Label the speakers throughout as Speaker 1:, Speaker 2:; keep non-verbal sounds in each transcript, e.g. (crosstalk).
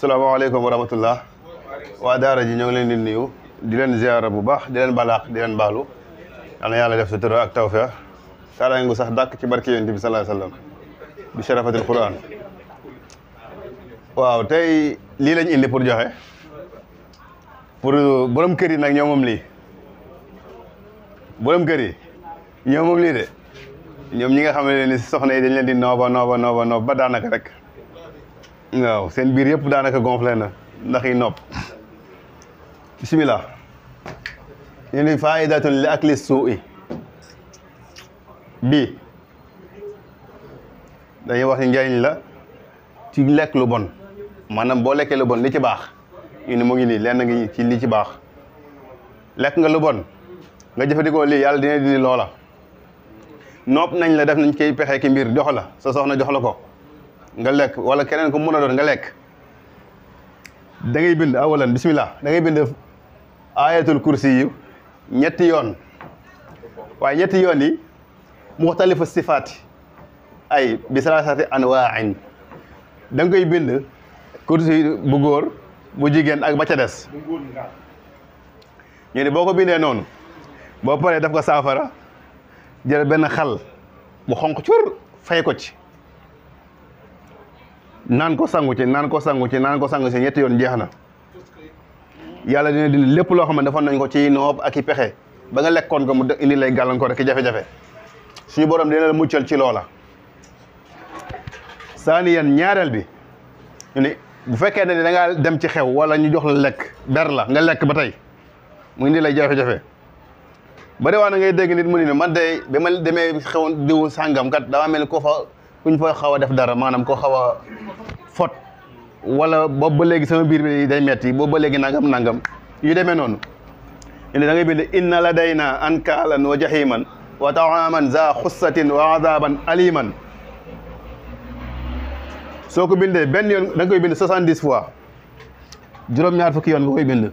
Speaker 1: salaamaaleykum wa rahmatullah waa daara ji ñoo leen di nuyu di leen ziara bu baax di leen balaax di leen baalu na yàlla def sutura ak tawfeex kaaraange gu sax dàkk ci barke yonent bi sallallahu alayhi wa sallam bi sharafatil waaw tey lii lañ indi pour joxe pour boroom kër yi nag ñoo lii boroom kër yi ñoo lii de ñoom ñi nga xam ne ni soxna yi dañ leen di nooba nooba nooba nooba ba daanaka rek waaw seen biir yëpp daanaka gonflé na ndax yi nopp bisimilah yi ni faidatun li akli suu'i bii dañuy wax ni njëriñ la ci lekk lu bon maanaam boo lekkee lu bon li ci baax ñu ne mu ngi nii lenn ngi ci li ci baax lekk nga lu bon nga jëfandikoo li yàlla dina dindi loola nopp nañ la def nañ koy pexe ki mbir jox la sa soxna jox la ko nga lekk wala keneen ku mën a doon nga lekk da ngay bind awalan bismillah da bind ayatul kursi yu ñetti yoon waaye ñetti yoon yi muxtalifu sifaati ay bi salaasati anwaain da nga bind kursi bu bu jigéen ak ba ca des ñu ne boo ko bindee noonu boo paree daf ko saafara jël benn xal bu xonq cur fay ko ci naan ko sangu ci naan ko sangu ci naan ko sangu ci ñetti yoon jeex na yàlla dina dindi lépp loo xam ne defoon nañ ko ci noob ak i pexe ba nga lekkoon ko mu indi lay gàllankoor rek i jafe-jafe suñu borom dina ci loola. saaniyan ñaareel bi ñu ne bu fekkee ne da dem ci xew wala ñu jox la lekk ber la nga lekk ba tey mu indi lay jafe-jafe bari waa na ngay dégg nit mu ne man de bi ma demee xewoon diwu sàngam kat dama mel ni koo fa buñ fay xawa def dara manam ko xawa fot wala bo ba legi sama bir bi day metti bo ba legi nangam nangam yu deme non ene da ngay bind inna ladaina ankalan wa jahiman wa taaman za xussatin wa azaban aliman soko bindé ben yon da ngay bind 70 fois juróom-ñaar fukki yon nga koy bind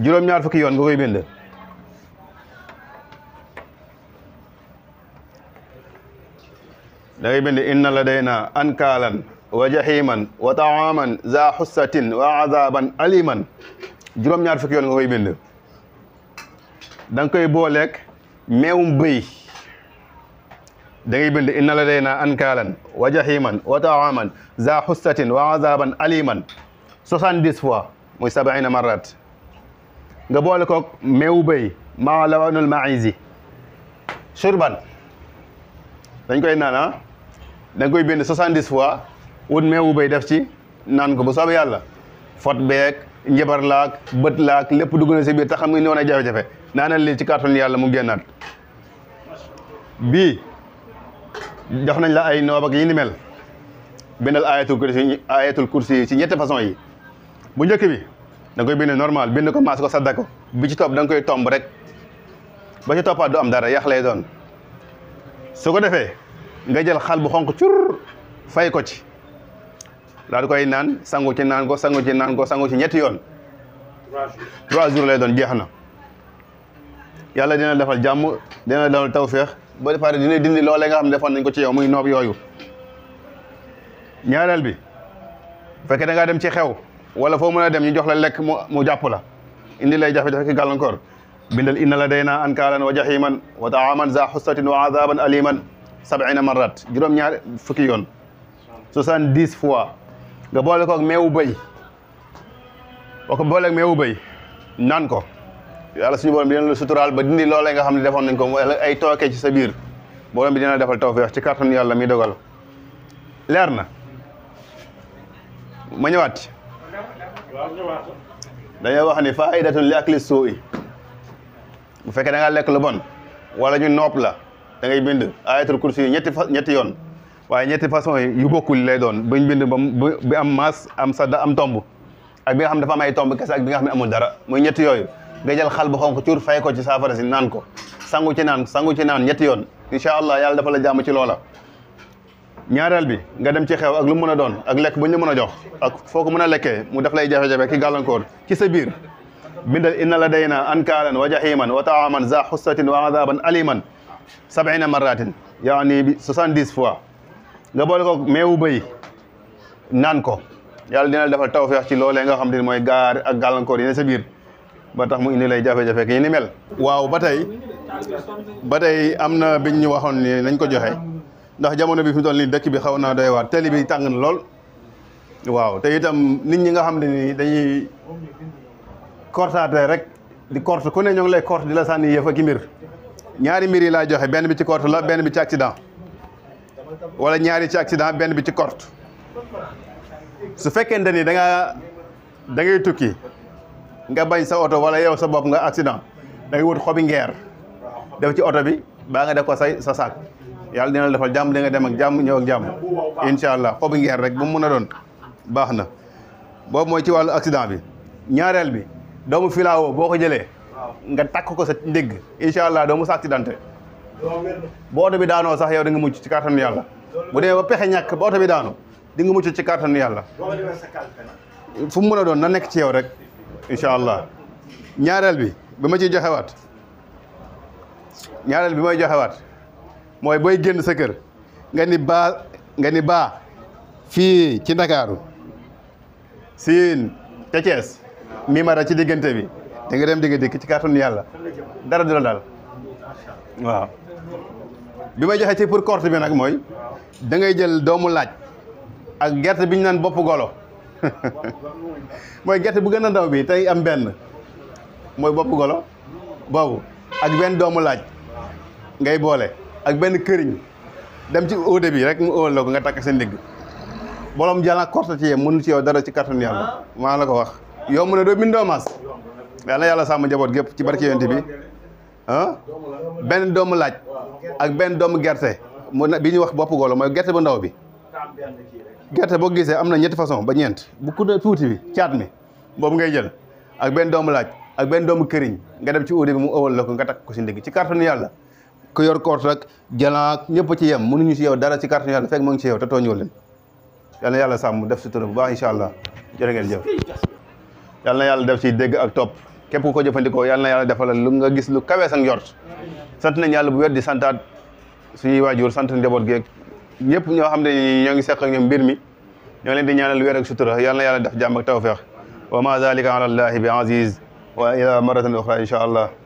Speaker 1: juróom-ñaar fukki yon nga koy bind دايبن ان لدينا انكالا وجحيما وطعاما ذا حصه وعذابا اليما جوم نيار فك يون غوي بند دانكاي بولك ميوم بري دايبن ان لدينا انكالا وجحيما وطعاما ذا حصه وعذابا اليما 70 فوا موي 70 مرات nga bolé kok mew bay ma lawanul ma'izi shurban dañ koy nana ah. da nga koy bind soixante-dix fois wut meewu bay def ci naan ko bu soobee yàlla fot beeg njabar laak bët laak lépp dugg na si biir te xam nga ni woon jafe-jafe naanal lii ci kàttanu yàlla mu génnaat bii jox nañ la ay noob ak yi ni mel bindal ayatul kursi ayatul kursi yi ci ñetti façon yi bu njëkk bi da koy bind normal benn ko maas ko sadda ko bi ci topp danga koy tomb rek ba ci toppaat du am dara yàq lay doon su ko defee nga jël xal bu xonq cur fay ko ci daal di koy naan sangu ci naan ko sangu ci naan ko sangu ci ñetti yoon trois jours lay doon jeex na yàlla dina defal jàmm dina defal tawféex ba pare dina dindi loolee nga xam ne defoon nañ ko ci yow muy noob yooyu ñaareel bi bu fekkee da ngaa dem ci xew wala foo mën a dem ñu jox la lekk mu mu jàpp la indi lay jafe-jafe ki gàllankoor bindal inna la day naa ankaalan wa jaximan wa taaman za xustatin wa azaban aliman sabina marat juróom-ñaar fukki yoon soixante dix fois nga boole koog meewu bëy boo ko booleeg meewu naan ko yàlla suñu borom bi dina suturaal ba dindi loole nga xam ne defoon nañ ko wala ay tooke ci sa biir borom bi dina defal tawfeex ci kàttanu yàlla mi dogal leer na ma ñëwaat dañoo wax ni faidatun li akli suu bu fekkee da ngaa lekk lu bon wala ñu nopp la da ngay bind ayatul kursi yi ñetti fa ñetti yoon waaye ñetti façon yi yu bokkul lay doon bañ bind ba bi am maas am sadda am tomb ak bi nga xam ne dafa ay tomb kese ak bi nga xam ne amul dara muy ñetti yooyu nga jël xal bu xonk cuur fay ko ci saafara si naan ko sangu ci naan sangu ci naan ñetti yoon incha allah yàlla dafa la jàmm ci loola ñaareel bi nga dem ci xew ak lu mën a doon ak lekk bu ñu mën a jox ak foo ko mën a lekkee mu daf lay jafe-jafe ki gàllankoor ci sa biir bindal inna la day na ankaalan wa jahiman wa taaman za xusatin wa adaban aliman sabina maratin yaani bi soixante-dix fois nga boole ko meewu bëy naan ko yàlla dina la defal feex ci loolee nga xam te ne mooy gaar ak gàllankoor yi ne sa biir ba tax mu indi lay jafe-jafe ki ni mel. waaw ba tey ba tey am na biñ ñu waxoon ni nañ ko joxe ndax jamono bi fi mu toll nii dëkk bi xaw naa doy waar télé bi tàng na lool waaw te itam nit ñi nga xam ne ni dañuy kortaate rek di korte ku ne ñoo ngi lay di la sànni yëfa ki mbir. ñaari mbir yi laay joxe benn bi ci corte la benn bi ci accident wala ñaari ci accident benn bi ci corte su fekkente ni da nga da ngay tukki nga bañ sa oto wala yow sa bopp nga accident da ngay wut xobi ngeer def ci oto bi baa nga def ko say sa saak yàlla dina la jàmm di nga dem ak jàmm ñëw ak jàmm incha allah xobi ngeer rek bu mu mën a doon baax na boobu mooy ci wàllu accident bi ñaareel bi doomu filaawo boo ko jëlee nga takk ko sa ndégg incha allah doo mu sàcc dante bu oto bi daanoo sax yow da nga mujj ci kàttanu yàlla bu dee ba pexe ñàkk boo oto bi daanoo di nga mucc ci kàttanu yàlla fu mu mën a doon na nekk ci yow rek incha allah ñaareel bi bi ma ciy joxewaat ñaareel bi may joxewaat mooy booy génn sa kër nga ni baa nga ni baa fii ci ndakaaru siin te Thiès mi mara ci diggante bi da nga dem di nga dikk ci kàttanu yàlla dara du la daal waaw bi may joxe ci pour corte bi nag mooy da ngay jël doomu laaj ak gerte bi ñu naan golo (laughs) mooy gerte bu gën a ndaw bi tey am golo boobu ak benn doomu laaj ngay ak dem ci bi rek mu óoloo ko nga takk sa jalan bolom jàlla korte ci yem mënu ci yow dara ci kàttanu yàlla maa la yal yalla yàlla njabot gep ci barki yonent bi ah ben dom laaj ak ben dom gerte mo biñu wax bop golo moy gerte bu ndaw bi gerte bo gisé amna na ñetti façon ba ñent bu kudd tuuti bi ciat mi bop ngay jël ak ben dom laaj ak ben dom kërign nga dem ci oudi bi mu ëwal lako nga tak ko ci ndigg ci carton yalla ko yor koort ak jalaak ñëpp ci yem mënuñu ci yow dara ci carton yalla fek mo ngi ci yow ta tooñoo leen yalla yalla sam def ci turu bu baax inshallah allah ngeen jëf yalla yalla def ci dégg ak top képp ku ko jëfandikoo yàlla na yàlla defalal lu nga gis lu kawee sang jort sant nañ yàlla bu wér di santaat suñuy waajur sant njaboot geeg ñëpp ñoo xam ne ñoo ngi seq ak ñoom mbir mi ñoo leen di ñaanal wér ak sutura yàlla na yàlla def jàmm ak tawfeex wa ma zalika ala allahi bi aziz wa ila maratan uxra insha allah